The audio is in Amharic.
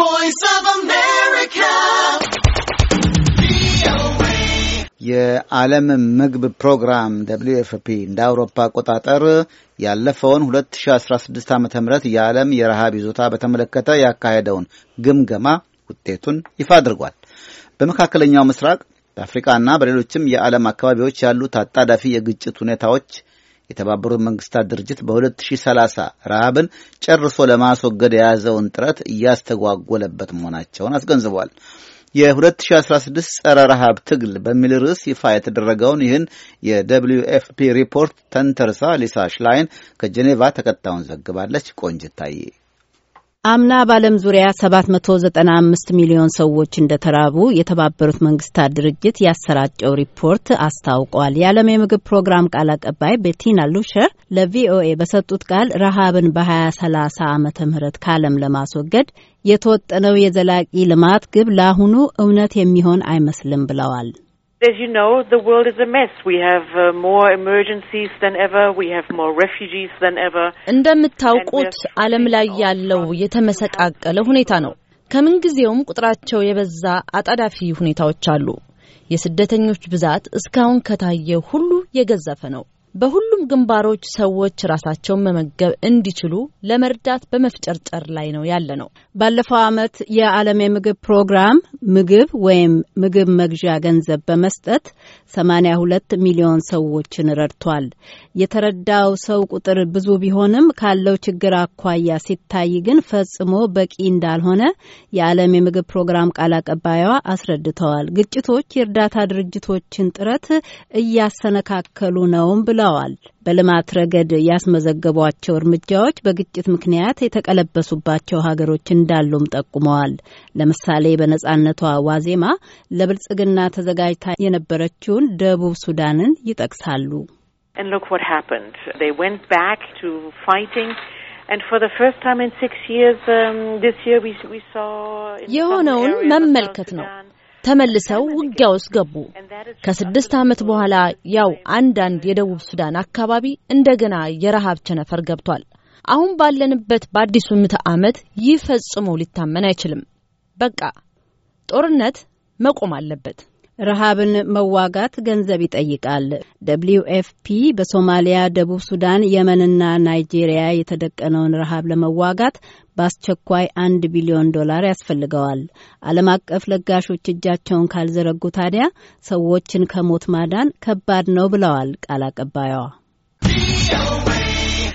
voice of America. የዓለም ምግብ ፕሮግራም ደብሊዩ ኤፍ ፒ እንደ አውሮፓ አቆጣጠር ያለፈውን 2016 ዓ ም የዓለም የረሃብ ይዞታ በተመለከተ ያካሄደውን ግምገማ ውጤቱን ይፋ አድርጓል። በመካከለኛው ምስራቅ በአፍሪቃና በሌሎችም የዓለም አካባቢዎች ያሉ ታጣዳፊ የግጭት ሁኔታዎች የተባበሩት መንግስታት ድርጅት በ2030 ረሃብን ጨርሶ ለማስወገድ የያዘውን ጥረት እያስተጓጎለበት መሆናቸውን አስገንዝቧል። የ2016 ጸረ ረሃብ ትግል በሚል ርዕስ ይፋ የተደረገውን ይህን የደብልዩ ኤፍፒ ሪፖርት ተንተርሳ ሊሳ ሽላይን ከጄኔቫ ተከታዩን ዘግባለች። ቆንጅታዬ አምና በዓለም ዙሪያ 795 ሚሊዮን ሰዎች እንደተራቡ የተባበሩት መንግስታት ድርጅት ያሰራጨው ሪፖርት አስታውቋል። የዓለም የምግብ ፕሮግራም ቃል አቀባይ ቤቲና ሉሸር ለቪኦኤ በሰጡት ቃል ረሃብን በ2030 ዓመተ ምህረት ከዓለም ለማስወገድ የተወጠነው የዘላቂ ልማት ግብ ለአሁኑ እውነት የሚሆን አይመስልም ብለዋል። as you know, the world is a mess. We have uh, more emergencies than ever. We have more refugees than ever. እንደምታውቁት ዓለም ላይ ያለው የተመሰቃቀለ ሁኔታ ነው። ከምንጊዜውም ቁጥራቸው የበዛ አጣዳፊ ሁኔታዎች አሉ። የስደተኞች ብዛት እስካሁን ከታየ ሁሉ የገዘፈ ነው። በሁሉም ግንባሮች ሰዎች ራሳቸውን መመገብ እንዲችሉ ለመርዳት በመፍጨርጨር ላይ ነው ያለ ነው። ባለፈው ዓመት የዓለም የምግብ ፕሮግራም ምግብ ወይም ምግብ መግዣ ገንዘብ በመስጠት 82 ሚሊዮን ሰዎችን ረድቷል። የተረዳው ሰው ቁጥር ብዙ ቢሆንም ካለው ችግር አኳያ ሲታይ ግን ፈጽሞ በቂ እንዳልሆነ የዓለም የምግብ ፕሮግራም ቃል አቀባይዋ አስረድተዋል። ግጭቶች የእርዳታ ድርጅቶችን ጥረት እያሰነካከሉ ነውም ብለ ብለዋል። በልማት ረገድ ያስመዘገቧቸው እርምጃዎች በግጭት ምክንያት የተቀለበሱባቸው ሀገሮች እንዳሉም ጠቁመዋል። ለምሳሌ በነጻነቷ ዋዜማ ለብልጽግና ተዘጋጅታ የነበረችውን ደቡብ ሱዳንን ይጠቅሳሉ። የሆነውን መመልከት ነው። ተመልሰው ውጊያ ውስጥ ገቡ። ከስድስት ዓመት በኋላ ያው አንዳንድ የደቡብ ሱዳን አካባቢ እንደገና የረሃብ ቸነፈር ገብቷል። አሁን ባለንበት በአዲሱ ምዕተ ዓመት ይህ ፈጽሞ ሊታመን አይችልም። በቃ ጦርነት መቆም አለበት። ረሃብን መዋጋት ገንዘብ ይጠይቃል። ደብልዩ ኤፍፒ በሶማሊያ፣ ደቡብ ሱዳን፣ የመንና ናይጄሪያ የተደቀነውን ረሃብ ለመዋጋት በአስቸኳይ አንድ ቢሊዮን ዶላር ያስፈልገዋል። ዓለም አቀፍ ለጋሾች እጃቸውን ካልዘረጉ ታዲያ ሰዎችን ከሞት ማዳን ከባድ ነው ብለዋል ቃል አቀባዩዋ።